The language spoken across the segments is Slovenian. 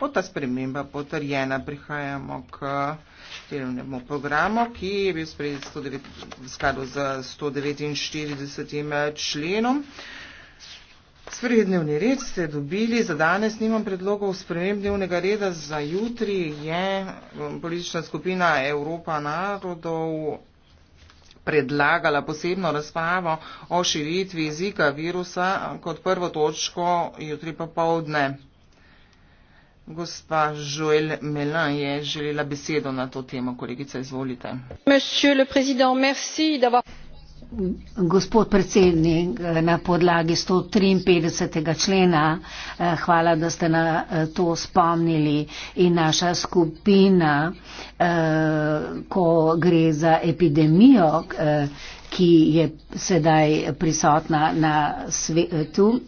bo ta sprememba potrjena. Prihajamo k delovnemu programu, ki je bil sprejet v skladu z 149. Eh, členom. Sprejet dnevni red ste dobili, za danes nimam predlogov sprejem dnevnega reda, za jutri je eh, politična skupina Evropa narodov predlagala posebno razpravo o širitvi jezika virusa kot prvo točko jutri popovdne. Gospa Joël Melin je želela besedo na to temo. Kolegica, izvolite. Gospod predsednik, na podlagi 153. člena, eh, hvala, da ste na eh, to spomnili in naša skupina, eh, ko gre za epidemijo, ki je sedaj prisotna na svetu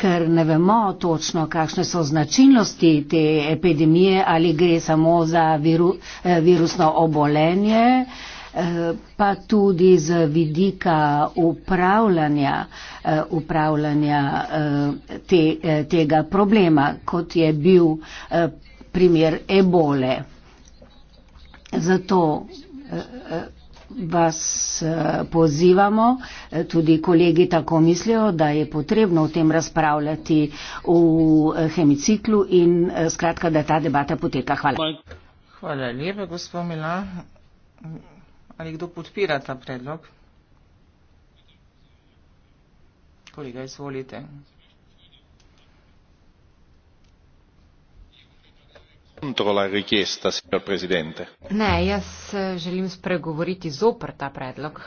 ker ne vemo točno, kakšne so značilnosti te epidemije, ali gre samo za viru, eh, virusno obolenje, eh, pa tudi z vidika upravljanja, eh, upravljanja te, tega problema, kot je bil primer ebole. Zato vas eh, pozivamo, eh, tudi kolegi tako mislijo, da je potrebno o tem razpravljati v eh, hemiciklu in skratka, da ta debata poteka. Hvala. Hvala lepa, gospod Mila. Ali kdo podpira ta predlog? Kolega, izvolite. ne jaz eh, želim spregovoriti zoper ta predlog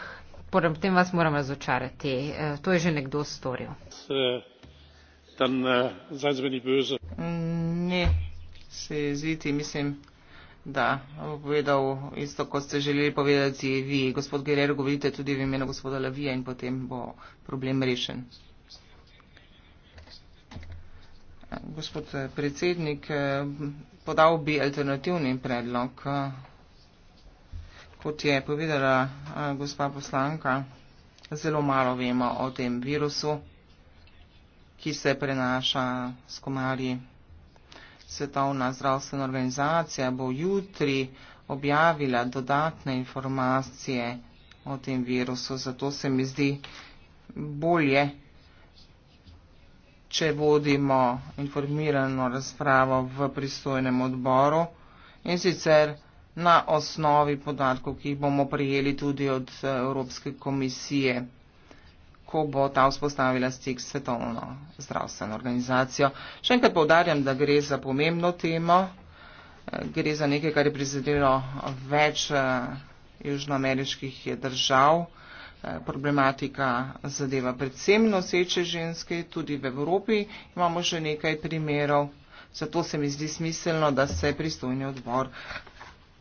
potem tem vas moram razočarati eh, to je že nekdo storil eh, ne se izviti mislim da bo povedal isto kot ste želeli povedati vi gospod guerrero govorite tudi v imenu gospoda la via in potem bo problem rešen gospod eh, predsednik, eh, podal bi alternativni predlog. Kot je povedala eh, gospa poslanka, zelo malo vemo o tem virusu, ki se prenaša s komarji. Svetovna zdravstvena organizacija bo jutri objavila dodatne informacije o tem virusu, zato se mi zdi bolje, če vodimo informirano razpravo v pristojnem odboru in sicer na osnovi podatkov, ki jih bomo prijeli tudi od eh, Evropske komisije, ko bo ta vzpostavila stik s svetovno zdravstveno organizacijo. Še enkrat povdarjam, da gre za pomembno temo, eh, gre za nekaj, kar je prizadelo več eh, južnoameriških držav. Eh, problematika zadeva predvsem noseče ženske, tudi v Evropi imamo še nekaj primerov, zato se mi zdi smiselno, da se pristojni odbor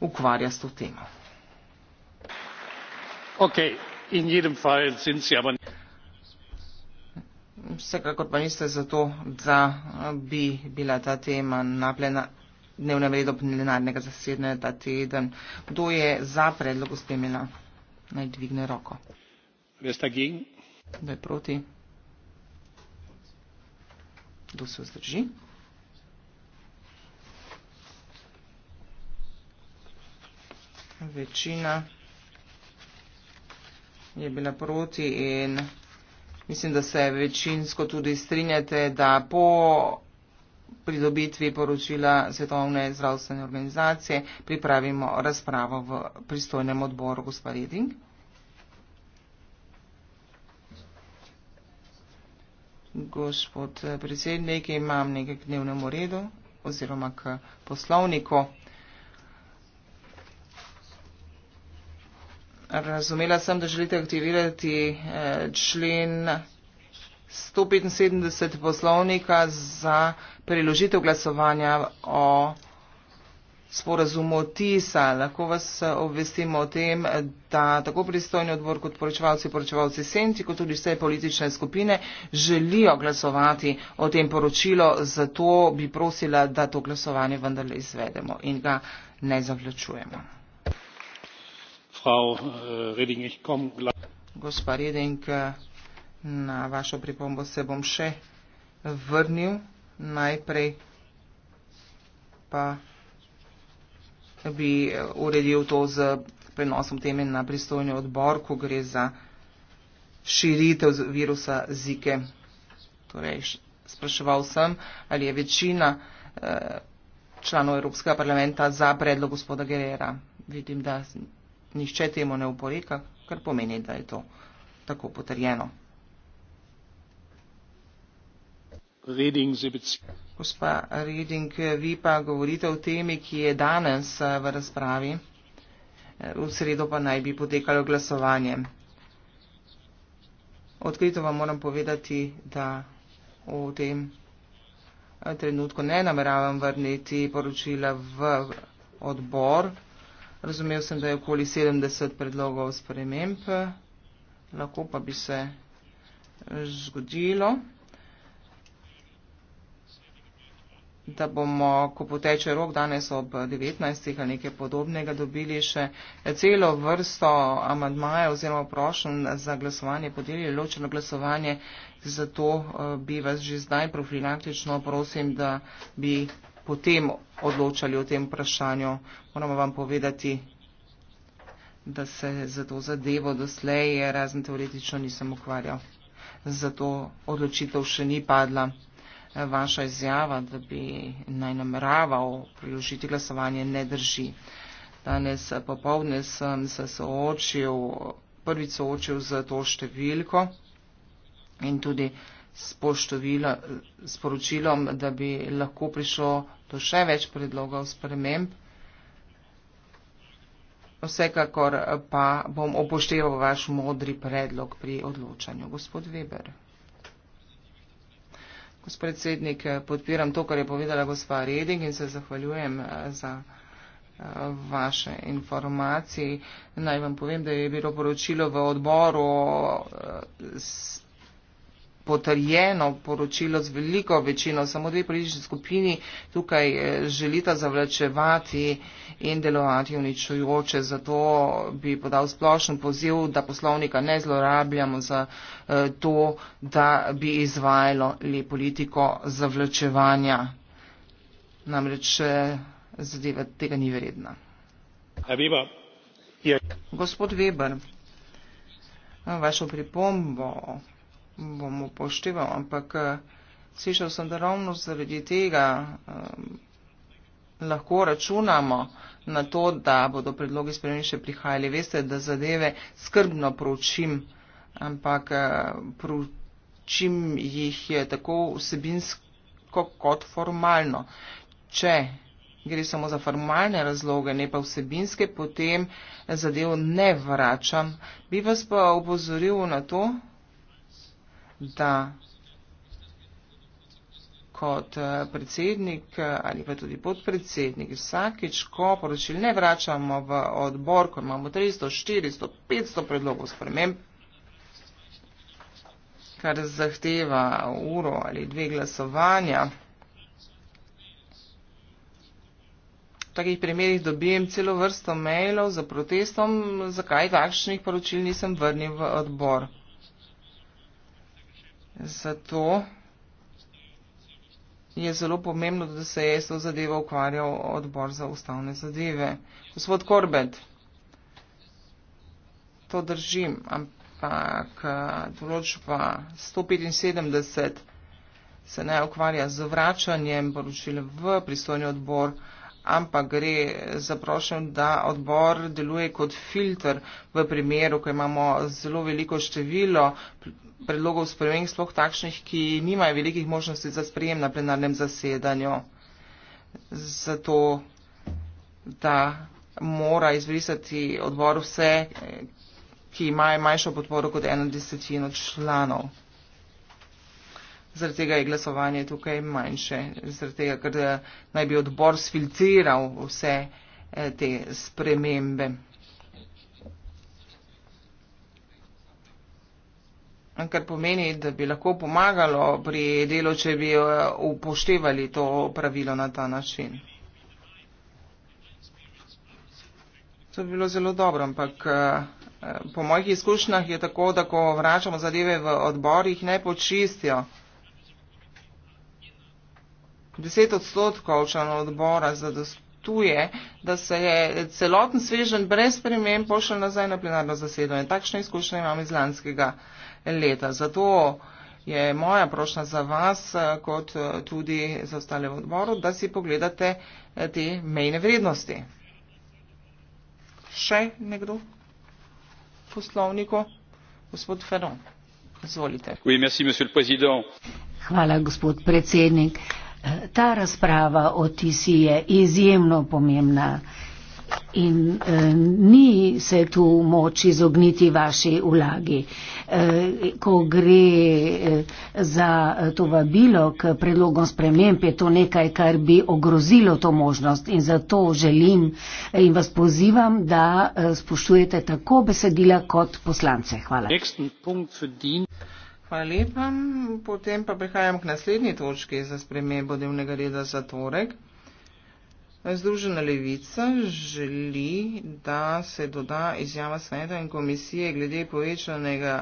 ukvarja s to temo. Okay. Vsekakor pa niste zato, da eh, bi bila ta tema na dnevnem redu plenarnega zasedanja ta teden. Kdo je za predlog uspemila? Naj dvigne roko glasoval za in proti. Kdo se vzdrži? Večina je bila proti in mislim, da se večinsko tudi strinjate, da po pridobitvi poročila Svetovne zdravstvene organizacije pripravimo razpravo v pristojnem odboru gospa Reding. gospod eh, predsednik, imam nekaj k dnevnemu redu oziroma k poslovniku. Razumela sem, da želite aktivirati eh, člen 175 poslovnika za preložitev glasovanja o sporazumu TISA. Lahko vas eh, obvestimo o tem, da tako pristojni odbor kot poročevalci, poročevalci Senci, kot tudi vse politične skupine želijo glasovati o tem poročilu. Zato bi prosila, da to glasovanje vendarle izvedemo in ga ne zavlačujemo. Eh, Gospa Reding, eh, na vašo pripombo se bom še vrnil. Najprej pa bi uredil to z prenosom teme na pristojni odbor, ko gre za širitev virusa zike. Torej, spraševal sem, ali je večina eh, članov Evropskega parlamenta za predlog gospoda Gerera. Vidim, da nihče temu ne uporeka, kar pomeni, da je to tako potrjeno. Gospa Reding, vi pa govorite o temi, ki je danes eh, v razpravi. Eh, v sredo pa naj bi potekalo glasovanje. Odkrito vam moram povedati, da v tem eh, trenutku ne nameravam vrniti poročila v odbor. Razumel sem, da je okoli 70 predlogov sprememb, lahko pa bi se zgodilo. da bomo, ko poteče rok danes ob 19. ali nekaj podobnega, dobili še celo vrsto amadmaja oziroma prošen za glasovanje, podelili ločeno glasovanje. Zato eh, bi vas že zdaj profilaktično prosim, da bi potem odločali o tem vprašanju. Moramo vam povedati, da se za to zadevo doslej razen teoretično nisem ukvarjal. Zato odločitev še ni padla vaša izjava, da bi naj nameraval priložiti glasovanje, ne drži. Danes eh, popovdne sem se soočil, prvi soočil z to številko in tudi s poročilom, da bi lahko prišlo do še več predlogov sprememb. Vsekakor pa bom upošteval vaš modri predlog pri odločanju, gospod Weber. Gospod predsednik, podpiram to, kar je povedala gospa Reding in se zahvaljujem eh, za eh, vaše informacije. Naj vam povem, da je bilo poročilo v odboru eh, potrjeno poročilo z veliko večino, samo dve politični skupini tukaj eh, želita zavlačevati in delovati uničujoče. Zato bi podal splošen poziv, da poslovnika ne zlorabljamo za eh, to, da bi izvajalo le politiko zavlačevanja. Namreč eh, zadeva tega ni vredna. Gospod Weber, vašo pripombo bom upošteval, ampak eh, slišal sem, da ravno zaradi tega eh, lahko računamo na to, da bodo predlogi spremenjeni še prihajali. Veste, da zadeve skrbno proučim, ampak eh, proučim jih tako vsebinsko kot formalno. Če gre samo za formalne razloge, ne pa vsebinske, potem zadevo ne vračam. Bi vas pa upozoril na to, da kot eh, predsednik eh, ali pa tudi podpredsednik vsakeč, ko poročil ne vračamo v odbor, ko imamo 300, 400, 500 predlogov sprememb, kar zahteva uro ali dve glasovanja. V takih primerih dobijem celo vrsto mailov za protestom, zakaj takšnih poročil nisem vrnil v odbor. Zato je zelo pomembno, da se je s to zadevo ukvarjal odbor za ustavne zadeve. Gospod Korbet, to držim, ampak eh, določba 175 se ne ukvarja z vračanjem poročila v pristojni odbor ampak gre za prošen, da odbor deluje kot filter v primeru, ko imamo zelo veliko število predlogov sprememb, sploh takšnih, ki nimajo velikih možnosti za sprejem na plenarnem zasedanju. Zato, da mora izbrisati odbor vse, ki imajo manjšo podporo kot eno desetino članov zaradi tega je glasovanje tukaj manjše, zaradi tega, ker eh, naj bi odbor sfilciral vse eh, te spremembe. Kar pomeni, da bi lahko pomagalo pri delu, če bi eh, upoštevali to pravilo na ta način. To bi bilo zelo dobro, ampak po mojih izkušnjah je tako, da ko vračamo zadeve v odborih, ne počistijo. 10 odstotkov članov odbora zadostuje, da se je celoten svežen brez premem pošel nazaj na plenarno zasedanje. Takšne izkušnje imam iz lanskega leta. Zato je moja prošnja za vas, eh, kot eh, tudi za ostale v odboru, da si pogledate eh, te mejne vrednosti. Še nekdo poslovniko? Gospod Ferron, izvolite. Hvala, gospod predsednik. Ta razprava o tisi je izjemno pomembna in eh, ni se tu moč izogniti vaši vlagi. Eh, ko gre eh, za to vabilo k predlogom sprememb, je to nekaj, kar bi ogrozilo to možnost in zato želim eh, in vas pozivam, da eh, spoštujete tako besedila kot poslance. Hvala. Next, Hvala lepa. Potem pa prehajam k naslednji točki za spremembo dnevnega reda za torek. Združena levica želi, da se doda izjava sveta in komisije glede povečanega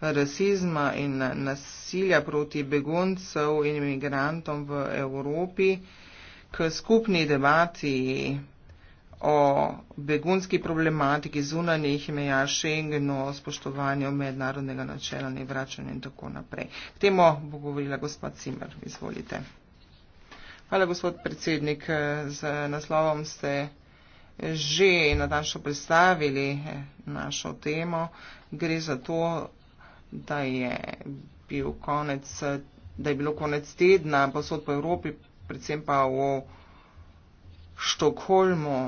rasizma in nasilja proti beguncev in imigrantom v Evropi k skupni debati o begunski problematiki zunanjih meja Schengen, o spoštovanju mednarodnega načela nevračanja in tako naprej. K temu bo govorila gospod Cimer. Izvolite. Hvala, gospod predsednik. Z naslovom ste že na danšo predstavili eh, našo temo. Gre za to, da je, bil konec, da je bilo konec tedna posod po Evropi, predvsem pa v Štokholmu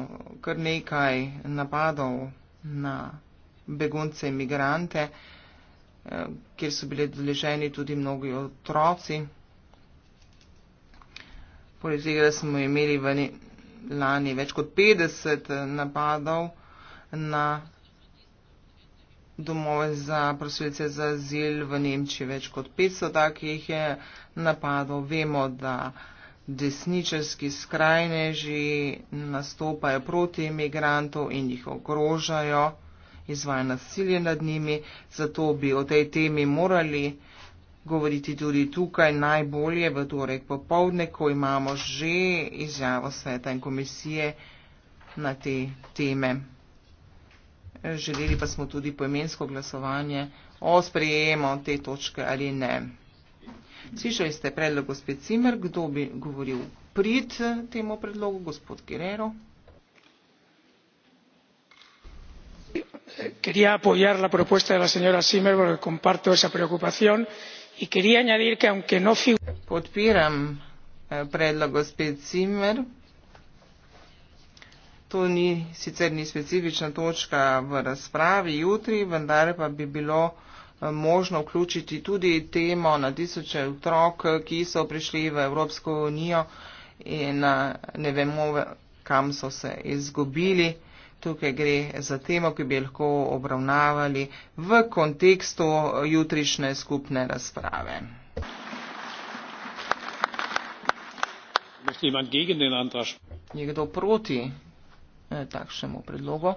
kar nekaj napadov na begunce in migrante, eh, kjer so bili deleženi tudi mnogi otroci. Poleg tega smo imeli v lani več kot 50 eh, napadov na domove za prosilce za azil v Nemčiji, več kot 500 takih je napadov. Vemo, da desničarski skrajneži nastopajo proti imigrantov in jih ogrožajo, izvajajo nasilje nad njimi, zato bi o tej temi morali govoriti tudi tukaj najbolje v torek popovdne, ko imamo že izjavo sveta in komisije na te teme. Želeli pa smo tudi poimensko glasovanje o sprejemu te točke ali ne. Slišali ste predlog gospod Cimer, kdo bi govoril prid temu predlogu, gospod Guerrero. Quería apoyar la propuesta de la señora Zimmer porque comparto esa preocupación y quería añadir que aunque no Podpiram eh, predlog gospod Zimmer. To ni sicer ni specifična točka v razpravi jutri, vendar pa bi bilo možno vključiti tudi temo na tisoče otrok, ki so prišli v Evropsko unijo in eh, ne vemo, kam so se izgubili. Tukaj gre za temo, ki bi lahko obravnavali v kontekstu jutrišnje skupne razprave. Je kdo proti eh, takšnemu predlogu?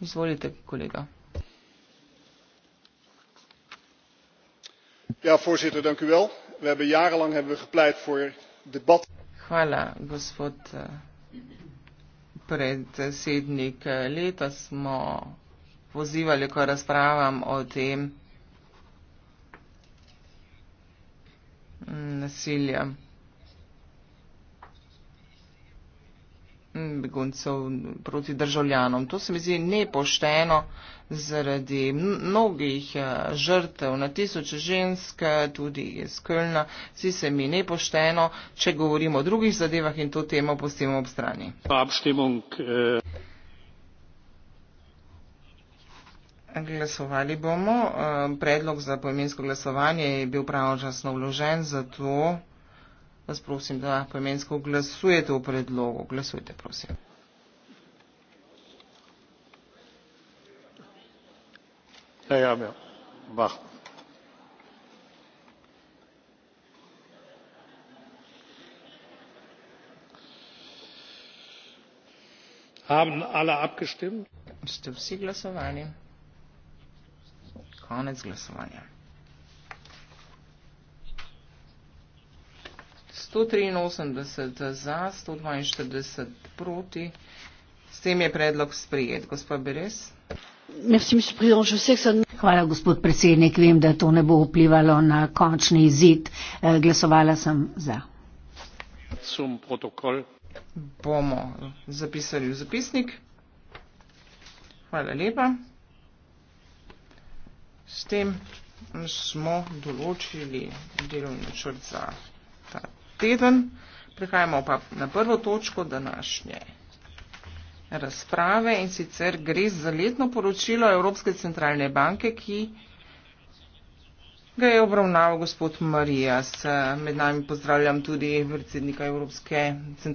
Izvolite, kolega. Ja, voorzitter we hebben jarenlang gepleit voor debat. gospod eh, predsednik eh, leto smo pozivali k razpravam o tem mm, nasilju. beguncev proti državljanom. To se mi zdi nepošteno zaradi mnogih eh, žrtev, na tisoče žensk, eh, tudi iz Kölna. Zdi se mi nepošteno, če govorimo o drugih zadevah in to temo postimo ob strani. Eh. Glasovali bomo. Predlog za pojemensko glasovanje je bil pravočasno vložen, zato vas prosim, da poimensko glasujete v predlogu. Glasujte, prosim. Ja, ja, ja. Bah. Haben alle abgestimmt? Stimmt sie glasovanje? Konec glasovanja. 183 za, 142 proti. S tem je predlog sprijet. Gospod Beres. Hvala, gospod predsednik. Vem, da to ne bo vplivalo na končni izid. Eh, glasovala sem za. Sum protokol. Bomo zapisali v zapisnik. Hvala lepa. S tem smo določili delovni načrt za teden. Prihajamo pa na prvo točko današnje razprave in sicer gre za letno poročilo Evropske centralne banke, ki ga je obravnaval gospod Marijas. Med nami pozdravljam tudi predsednika Evropske centralne banke.